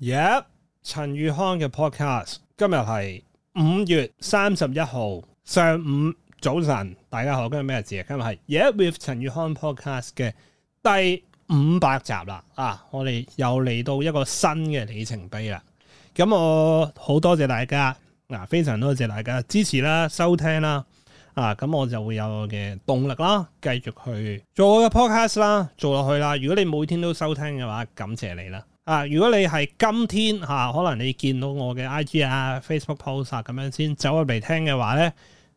耶！陳宇康嘅 podcast 今日係五月三十一號上午早晨，大家好，今日咩日子？今日係耶！with 陳宇康 podcast 嘅第五百集啦，啊，我哋又嚟到一個新嘅里程碑啦。咁我好多謝大家，非常多謝大家支持啦、收聽啦，啊，咁我就會有我嘅動力啦，繼續去做我嘅 podcast 啦，做落去啦。如果你每天都收聽嘅話，感謝你啦。啊！如果你係今天、啊、可能你見到我嘅 IG 啊、啊 Facebook post 啊咁樣先走嚟聽嘅話咧，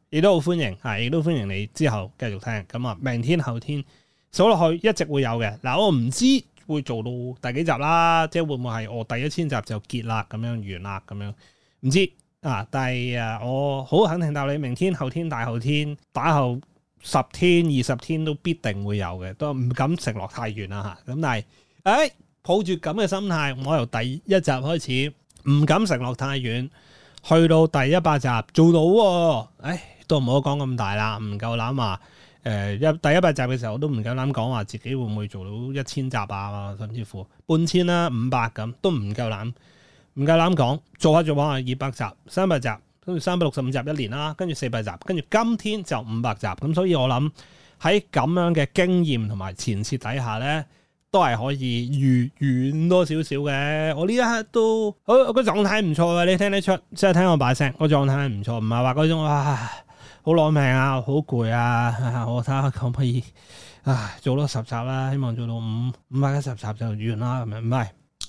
亦都好歡迎嚇，亦、啊、都歡迎你之後繼續聽。咁啊，明天、後天，數落去一直會有嘅。嗱、啊，我唔知道會做到第幾集啦，即係會唔會係我第一千集就結啦咁樣完啦咁樣，唔知道啊。但係、啊、我好肯定到你，明天、後天、大後天、打後十天、二十天都必定會有嘅，都唔敢承諾太遠啦嚇。咁、啊、但係，誒、哎。抱住咁嘅心態，我由第一集開始唔敢承諾太遠，去到第一百集做到喎，唉都唔好講咁大啦，唔夠膽話誒一第一百集嘅時候都唔夠膽講話自己會唔會做到一千集啊，甚至乎半千啦、啊、五百咁、啊、都唔夠膽，唔夠膽講做下做下二百集、三百集，跟住三百六十五集一年啦，跟住四百集，跟住今天就五百集，咁所以我諗喺咁樣嘅經驗同埋前設底下呢。都係可以越遠多少少嘅。我呢一刻都好個狀態唔錯嘅，你聽得出，即係聽我把聲，個狀態唔錯。唔係話嗰種啊，好攞命啊，好攰啊，啊。我睇下可唔可以啊，做多十集啦、啊，希望做到五五百一十集就完啦。咁樣唔係，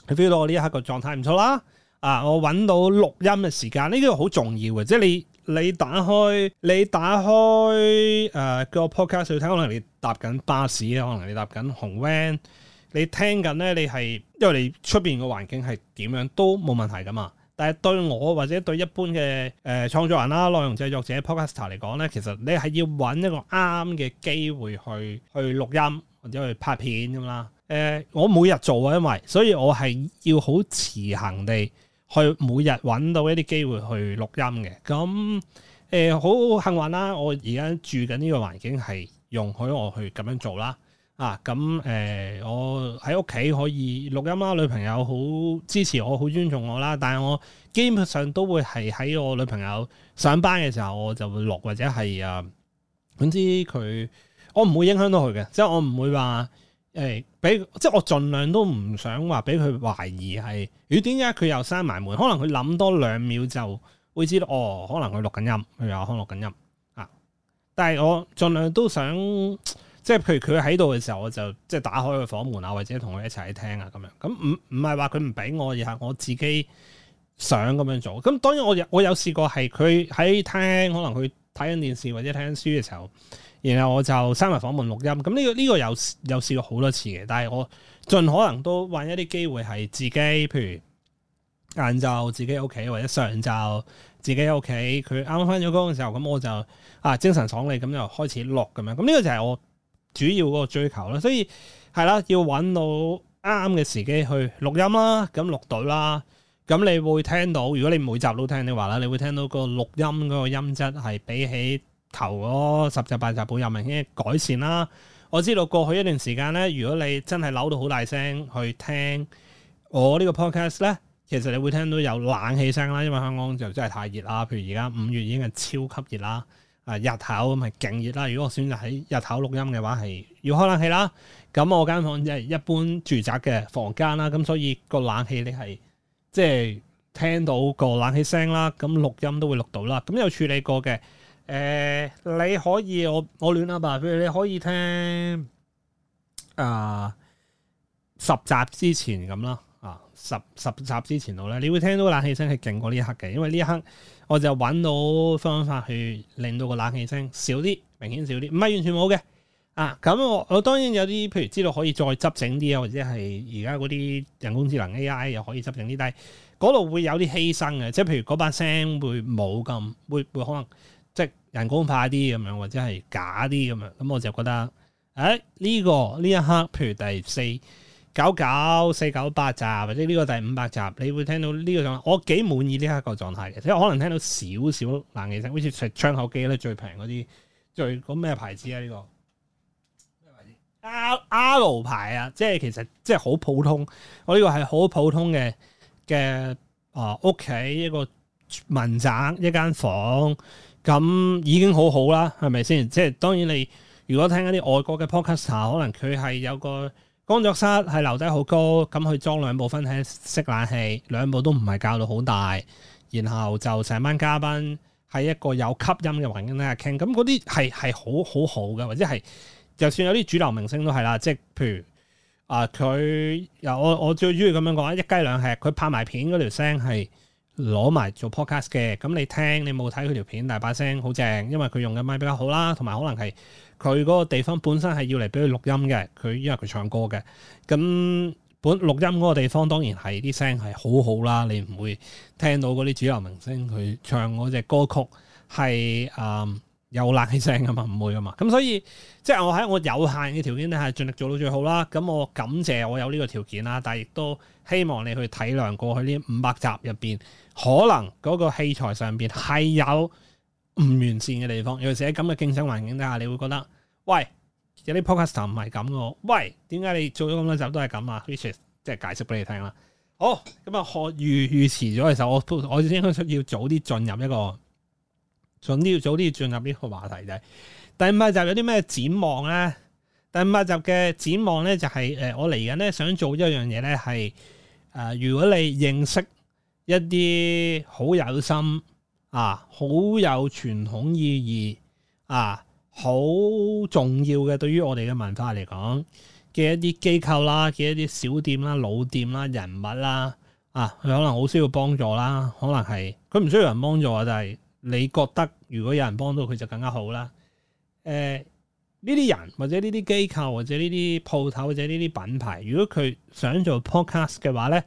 你 feel 到我呢一刻個狀態唔錯啦。啊，我搵到錄音嘅時間呢個好重要嘅，即係你你打開你打開誒個、呃、podcast 你睇，可能你搭緊巴士，可能你搭緊紅 van。你聽緊咧，你係因為你出面個環境係點樣都冇問題噶嘛。但係對我或者對一般嘅誒創作人啦、內容製作者、podcaster 嚟講咧，其實你係要搵一個啱嘅機會去去錄音或者去拍片咁啦。誒，我每日做啊，因為所以我係要好持恆地去每日搵到一啲機會去錄音嘅。咁誒好幸運啦，我而家住緊呢個環境係容許我去咁樣做啦。啊咁、呃、我喺屋企可以錄音啦，女朋友好支持我，好尊重我啦。但係我基本上都會係喺我女朋友上班嘅時候，我就會錄或者係啊，總之佢我唔會影響到佢嘅，即係我唔會話、欸、俾，即係我盡量都唔想話俾佢懷疑係。咦，點解佢又閂埋門，可能佢諗多兩秒就會知道哦，可能佢錄緊音，佢又可能錄緊音啊。但係我盡量都想。即係譬如佢喺度嘅時候，我就即係打開個房門啊，或者同佢一齊聽啊，咁樣咁唔唔係話佢唔俾我，而係我自己想咁樣做。咁當然我有我有試過係佢喺聽，可能佢睇緊電視或者聽書嘅時候，然後我就閂埋房門錄音。咁呢個呢個有有試過好多次嘅，但係我盡可能都揾一啲機會係自己，譬如晏晝自己屋企，或者上晝自己屋企，佢啱啱翻咗工嘅時候，咁我就啊精神爽利咁又開始錄咁樣。咁呢個就係我主要嗰個追求啦，所以係啦，要揾到啱嘅時機去錄音啦，咁錄隊啦，咁你會聽到，如果你每集都聽，你話啦，你會聽到個錄音嗰個音質係比起頭嗰十集八集好有明顯嘅改善啦。我知道過去一段時間咧，如果你真係扭到好大聲去聽我個呢個 podcast 咧，其實你會聽到有冷氣聲啦，因為香港就真係太熱啦，譬如而家五月已經係超級熱啦。啊日頭咁係勁熱啦，如果我選擇喺日頭錄音嘅話，係要開冷氣啦。咁我間房即係一般住宅嘅房間啦，咁所以個冷氣你係即係聽到個冷氣聲啦，咁錄音都會錄到啦。咁有處理過嘅，誒、呃，你可以我我亂阿嘛，譬如你可以聽啊、呃、十集之前咁啦。十十集之前度咧，你會聽到個冷氣聲係勁過呢一刻嘅，因為呢一刻我就揾到方法去令到個冷氣聲少啲，明顯少啲，唔係完全冇嘅啊！咁我我當然有啲譬如知道可以再執整啲啊，或者係而家嗰啲人工智能 AI 又可以執整啲，但係嗰度會有啲犧牲嘅，即係譬如嗰把聲會冇咁，會會可能即係人工化啲咁樣，或者係假啲咁樣，咁我就覺得誒呢個呢一刻，譬如第四九九四九八集，或者呢個第五百集，你會聽到呢個狀態，我幾滿意呢一個狀態嘅，即係可能聽到少少冷氣聲，好似窗口機咧，最平嗰啲，最嗰咩牌子啊？呢個？咩牌子？R R 牌啊，即係其實即係好普通，我呢個係好普通嘅嘅啊屋企一個民宅一間房，咁已經好好啦，係咪先？即係當然你如果聽一啲外國嘅 podcast，可能佢係有個。工作室，係樓底好高，咁佢裝兩部分係式冷氣，兩部都唔係較到好大，然後就成班嘉賓喺一個有吸音嘅環境底下傾，咁嗰啲係係好好好嘅，或者係就算有啲主流明星都係啦，即係譬如啊佢，又、呃、我我最中意咁樣講一雞兩吃，佢拍埋片嗰條聲係攞埋做 podcast 嘅，咁你聽你冇睇佢條片，大把聲好正，因為佢用嘅麥比較好啦，同埋可能係。佢嗰個地方本身係要嚟俾佢錄音嘅，佢因為佢唱歌嘅，咁本錄音嗰個地方當然係啲聲係好好啦，你唔會聽到嗰啲主流明星佢唱嗰隻歌曲係誒有冷氣聲啊嘛，唔會啊嘛，咁所以即係、就是、我喺我有限嘅條件下盡力做到最好啦。咁我感謝我有呢個條件啦，但係亦都希望你去體諒過去呢五百集入面，可能嗰個器材上面係有。唔完善嘅地方，尤其是喺咁嘅競爭環境底下，你會覺得，喂，有啲 podcast 唔係咁嘅，喂，點解你做咗咁多集都係咁啊 Riches 即係解釋俾你聽啦。好，咁啊，預預遲咗嘅時候，我都我已要早啲進入一個，早啲要早啲要進入呢個話題就係第五百集有啲咩展望咧？第五百集嘅展望咧就係、是呃、我嚟緊咧想做一樣嘢咧係如果你認識一啲好有心。啊，好有傳統意義啊，好重要嘅對於我哋嘅文化嚟講嘅一啲機構啦，嘅一啲小店啦、老店啦、人物啦，啊，佢可能好需要幫助啦，可能係佢唔需要有人幫助，但係你覺得如果有人幫到佢就更加好啦。誒、呃，呢啲人或者呢啲機構或者呢啲鋪頭或者呢啲品牌，如果佢想做 podcast 嘅話咧，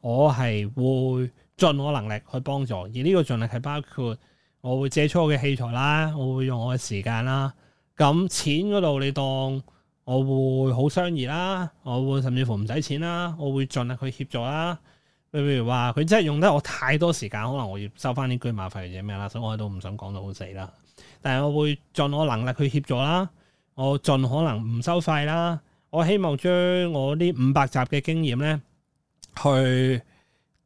我係會盡我能力去幫助，而呢個盡力係包括我會借出我嘅器材啦，我會用我嘅時間啦。咁錢嗰度你當我會好相宜啦，我會甚至乎唔使錢啦，我會盡力去協助啦。譬如話佢真係用得我太多時間，可能我要收翻啲車馬費或者咩啦，所以我都唔想講到好死啦。但係我會盡我能力去協助啦，我盡可能唔收費啦。我希望將我呢五百集嘅經驗咧去。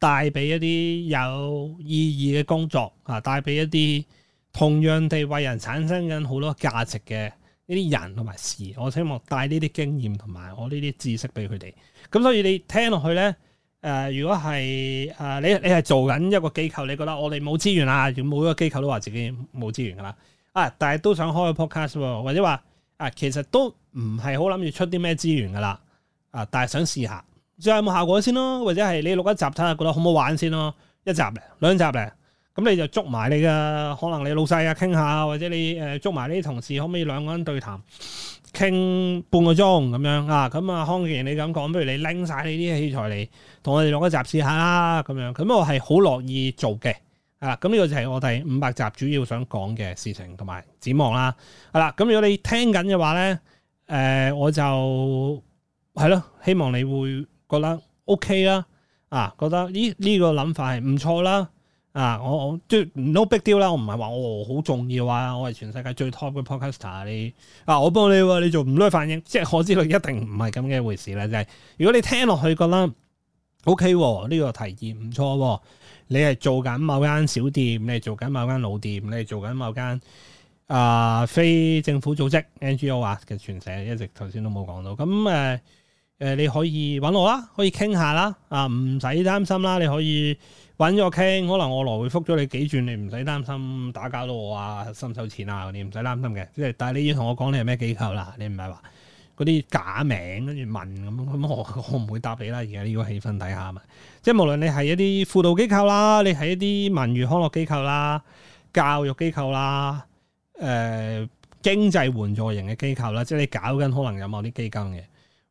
帶俾一啲有意義嘅工作啊！帶俾一啲同樣地為人產生緊好多價值嘅呢啲人同埋事，我希望帶呢啲經驗同埋我呢啲知識俾佢哋。咁所以你聽落去咧、呃，如果係、呃、你你係做緊一個機構，你覺得我哋冇資源啦、啊，要每一個機構都話自己冇資源㗎啦啊！但係都想開個 Podcast 喎，或者話啊，其實都唔係好諗住出啲咩資源㗎啦啊，但係想試下。最有冇效果先咯，或者係你錄一集睇下，覺得好唔好玩先咯。一集咧，兩集咧，咁你就捉埋你嘅，可能你老細啊，傾下，或者你誒捉埋啲同事，可唔可以兩個人對談，傾半個鐘咁樣啊？咁啊，康健，然你咁講，不如你拎晒你啲器材嚟，同我哋錄一集試下啦，咁樣。咁我係好樂意做嘅，係、啊、啦。咁呢個就係我第五百集主要想講嘅事情同埋展望啦。係、啊、啦，咁如果你聽緊嘅話咧，誒、呃，我就係咯，希望你會。覺得 OK 啦、啊，啊，覺得呢呢、這個諗法係唔錯啦，啊，我我即係 no big deal 啦、啊，我唔係話我好重要啊，我係全世界最 top 嘅 podcaster、啊、你，啊，我幫你、啊，你做唔到反應，即係我知道一定唔係咁嘅一回事啦、啊，就係、是、如果你聽落去覺得 OK 呢、啊這個提議唔錯、啊，你係做緊某間小店，你係做緊某間老店，你係做緊某間啊、呃、非政府組織 NGO 啊嘅全社，一直頭先都冇講到，咁誒。呃誒、呃，你可以揾我啦，可以傾下啦，啊，唔使擔心啦，你可以揾我傾，可能我來回覆咗你幾轉，你唔使擔心打攪到我啊，伸手錢啊，你唔使擔心嘅。即係，但係你要同我講你係咩機構啦，你唔係話嗰啲假名跟住問咁，咁我我唔會答你啦。而家呢個氣氛底下嘛，即係無論你係一啲輔導機構啦，你係一啲文娛康樂機構啦、教育機構啦、誒、呃、經濟援助型嘅機構啦，即係你搞緊可能有某啲基金嘅。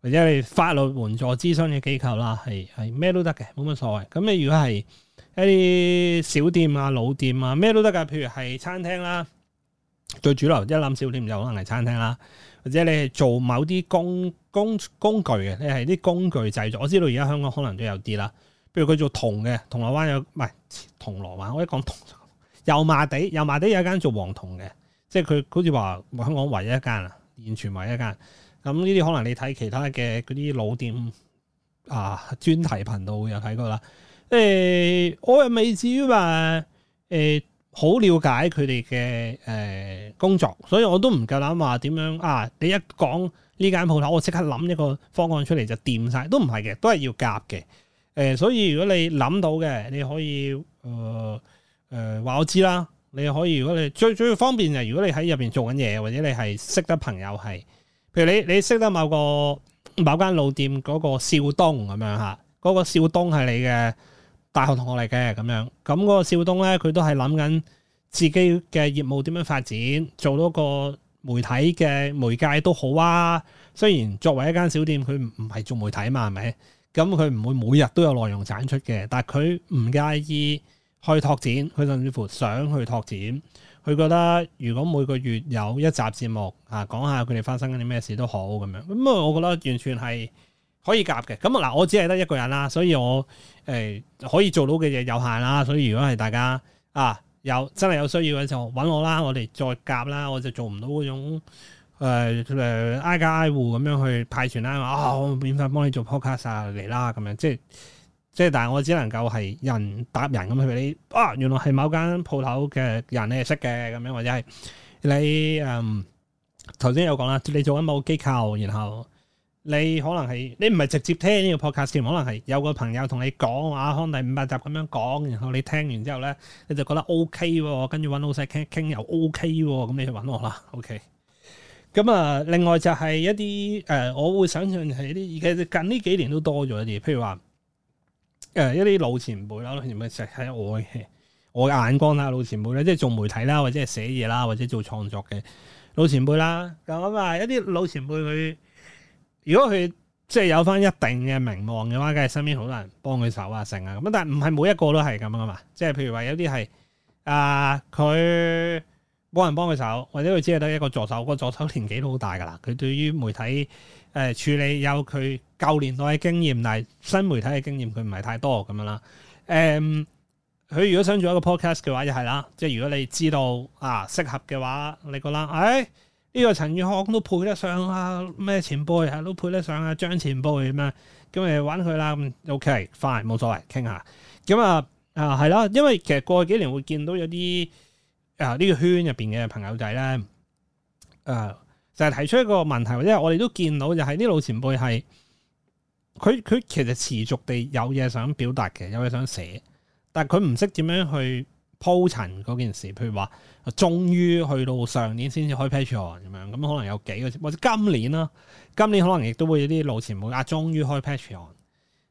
或者你法律援助諮詢嘅機構啦，係係咩都得嘅，冇乜所謂。咁你如果係一啲小店啊、老店啊，咩都得噶。譬如係餐廳啦，最主流一諗小店就可能係餐廳啦。或者你係做某啲工工工具嘅，你係啲工具製造。我知道而家香港可能都有啲啦，譬如佢做銅嘅，銅鑼灣有，唔係銅鑼灣，我一講銅，油麻地，油麻地有一間做黃銅嘅，即係佢好似話香港唯一一間啊，完全唯一一間。咁呢啲可能你睇其他嘅嗰啲老店啊，專題頻道有睇過啦。誒、欸，我又未至於話。誒、欸，好了解佢哋嘅誒工作，所以我都唔夠膽話點樣啊，你一講呢間鋪頭，我即刻諗一個方案出嚟就掂晒，都唔係嘅，都係要夾嘅。誒、呃，所以如果你諗到嘅，你可以誒誒話我知啦。你可以如果你最最方便就係，如果你喺入邊做緊嘢，或者你係識得朋友係。譬如你你識得某個某間老店嗰個少東咁樣吓，嗰、那個少東係你嘅大學同學嚟嘅咁樣，咁、那、嗰個少東咧佢都係諗緊自己嘅業務點樣發展，做多個媒體嘅媒介都好啊。雖然作為一間小店，佢唔係做媒體嘛，係咪？咁佢唔會每日都有內容產出嘅，但係佢唔介意去拓展，佢甚至乎想去拓展。佢覺得如果每個月有一集節目啊，講下佢哋發生緊啲咩事都好咁樣，咁啊，我覺得完全係可以夾嘅。咁啊，嗱，我只係得一個人啦，所以我、欸、可以做到嘅嘢有限啦。所以如果係大家啊有真係有需要嘅時候搵我啦，我哋再夾啦，我就做唔到嗰種誒、呃、挨家挨戶咁樣去派傳單啦啊，我免費幫你做 podcast 嚟、啊、啦咁樣，即係。即係，但係我只能夠係人搭人咁樣，譬如你啊，原來係某間鋪頭嘅人你係識嘅咁樣，或者係你嗯頭先有講啦，你做緊某機構，然後你可能係你唔係直接聽呢個 podcast，可能係有個朋友同你講阿、啊、康第五百集咁樣講，然後你聽完之後咧，你就覺得 OK 喎，跟住搵老細傾傾又 OK 喎，咁你去搵我啦，OK。咁、嗯、啊，另外就係一啲誒、呃，我會想象係一啲而且近呢幾年都多咗啲，譬如話。誒一啲老前輩啦，其實係我嘅我嘅眼光啦，老前輩咧，即係做媒體啦，或者係寫嘢啦，或者做創作嘅老前輩啦，咁啊，一啲老前輩佢如果佢即係有翻一定嘅名望嘅話，梗係身邊好多人幫佢手啊，成啊咁啊，但係唔係每一個都係咁噶嘛，即係譬如話有啲係啊佢。呃幫人幫佢手，或者佢只係得一個助手，個助手年紀都好大噶啦。佢對於媒體誒、呃、處理有佢舊年代嘅經驗，但係新媒體嘅經驗佢唔係太多咁樣啦。誒、嗯，佢如果想做一個 podcast 嘅話，就係啦。即係如果你知道啊適合嘅話，你覺得誒呢、哎這個陳宇康都配得上啊？咩前輩、啊、都配得上啊？張前輩咁啊，咁咪搵佢啦。OK，快冇所謂，傾下咁啊啊，係、嗯、啦、嗯嗯。因為其實過去幾年會見到有啲。呢、呃呢個圈入邊嘅朋友仔咧，誒、呃，就係提出一個問題，或者我哋都見到，就係啲老前輩係佢佢其實持續地有嘢想表達嘅，有嘢想寫，但係佢唔識點樣去鋪陳嗰件事。譬如話，終於去到上年先至開 Patreon 咁樣，咁可能有幾個，或者今年啦，今年可能亦都會有啲老前輩啊，終於開 Patreon。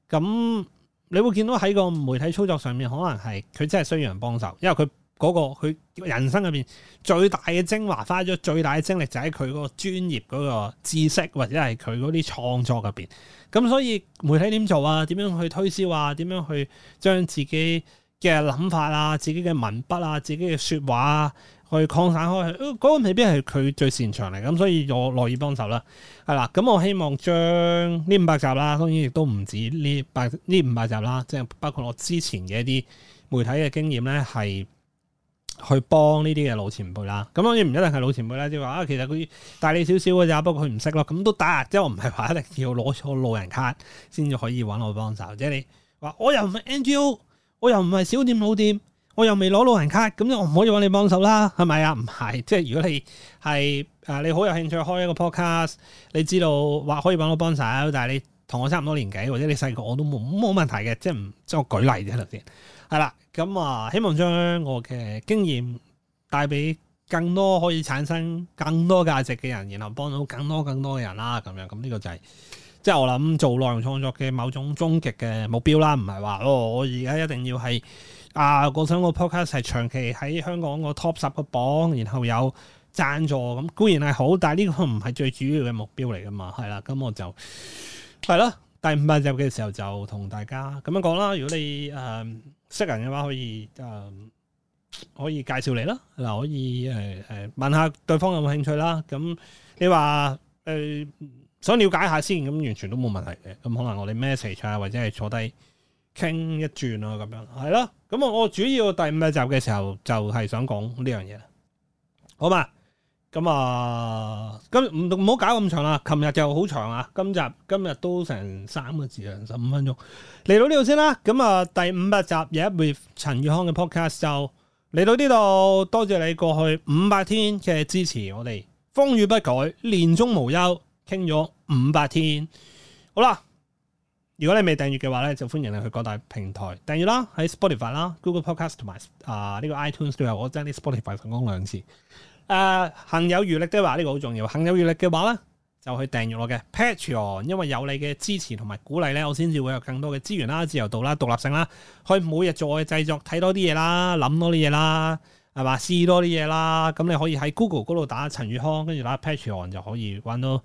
咁你會見到喺個媒體操作上面，可能係佢真係需要人幫手，因為佢。嗰個佢人生入面最大嘅精華花咗最大嘅精力，就喺佢嗰個專業嗰個知識，或者係佢嗰啲創作入邊。咁所以媒體點做啊？點樣去推銷啊？點樣去將自己嘅諗法啊、自己嘅文筆啊、自己嘅說話啊，去擴散開去？嗰個未必係佢最擅長嚟，咁所以我樂意幫手啦。係啦，咁我希望將呢五百集啦，當然亦都唔止呢百呢五百集啦，即係包括我之前嘅一啲媒體嘅經驗咧，係。去幫呢啲嘅老前輩啦，咁當然唔一定係老前輩啦，即係話啊，其實佢大你少少嘅咋，不過佢唔識咯，咁都得。即係我唔係話一定要攞咗老人卡先至可以揾我幫手。即係你話我又唔係 NGO，我又唔係小店老店，我又未攞老人卡，咁我唔可以揾你幫手啦，係咪啊？唔係，即係如果你係啊，你好有興趣開一個 podcast，你知道話可以揾我幫手，但係你同我差唔多年紀，或者你細過我都冇冇問題嘅，即係唔即係我舉例喺度先。係啦，咁啊，希望將我嘅經驗帶俾更多可以產生更多價值嘅人，然後幫到更多更多嘅人啦，咁樣，咁呢個就係即係我諗做內容創作嘅某種終極嘅目標啦，唔係話哦，我而家一定要係啊，我想我 podcast 係長期喺香港個 top 十個榜，然後有贊助咁固然係好，但係呢個唔係最主要嘅目標嚟噶嘛。係啦，咁我就係啦。第五百集嘅時候就同大家咁樣講啦，如果你誒、嗯、識人嘅話，可以誒、嗯、可以介紹你啦，嗱可以誒誒、呃、問下對方有冇興趣啦，咁、嗯、你話誒、呃、想了解下先，咁完全都冇問題嘅，咁、嗯、可能我哋 message 啊，或者係坐低傾一轉啊，咁樣係咯，咁我我主要第五百集嘅時候就係想講呢樣嘢啦，好嘛？咁啊，今唔唔好搞咁長啦。琴日就好長啊，今集今日都成三個字啊，十五分鐘。嚟到呢度先啦。咁、嗯、啊，第五百集有一回陳宇康嘅 podcast 就嚟到呢度，多謝你過去五百天嘅支持我，我哋風雨不改，年中無休，傾咗五百天。好啦，如果你未訂閱嘅話咧，就歡迎你去各大平台訂閱啦，喺 Spotify 啦，Google Podcast 同埋啊呢、這個 iTunes 都有。我將啲 Spotify 成功兩次。誒，行、呃、有餘力的話，呢、這個好重要。行有餘力嘅話咧，就去訂閱我嘅 Patreon，因為有你嘅支持同埋鼓勵咧，我先至會有更多嘅資源啦、自由度啦、獨立性啦，可以每日再製作睇多啲嘢啦、諗多啲嘢啦，係嘛？試多啲嘢啦。咁你可以喺 Google 嗰度打陳宇康，跟住打 Patreon 就可以搵到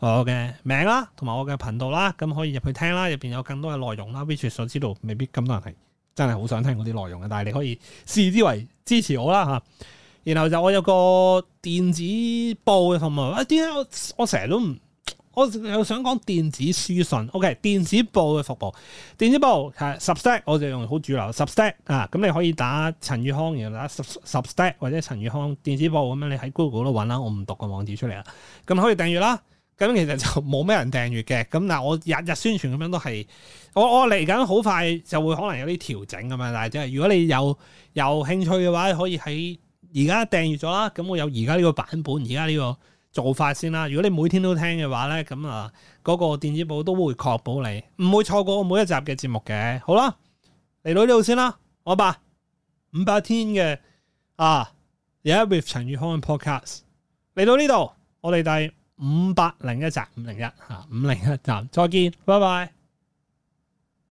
我嘅名啦，同埋我嘅頻道啦。咁可以入去聽啦，入面有更多嘅內容啦，which 所知道未必咁多人係真係好想聽嗰啲內容嘅，但係你可以視之為支持我啦嚇。然後就我有個電子報嘅服務，點解我我成日都唔，我又想講電子書信，OK，電子報嘅服務，電子報係 Substack 我就用好主流 Substack 啊，咁你可以打陳宇康，然後打 Sub Substack 或者陳宇康電子報咁樣，你喺 Google 都揾啦，我唔讀個網址出嚟啦，咁可以訂閱啦，咁其實就冇咩人訂閱嘅，咁嗱我日日宣傳咁樣都係，我我嚟緊好快就會可能有啲調整咁樣，但係即係如果你有有興趣嘅話，你可以喺。而家訂閲咗啦，咁我有而家呢個版本，而家呢個做法先啦。如果你每天都聽嘅話咧，咁啊嗰個電子報都會確保你唔會錯過我每一集嘅節目嘅。好啦，嚟到呢度先啦，我八五百天嘅啊，而家 yeah, with 陳宇康嘅 podcast 嚟到呢度，我哋第五百零一集，五零一嚇，五零一集，再見，拜拜。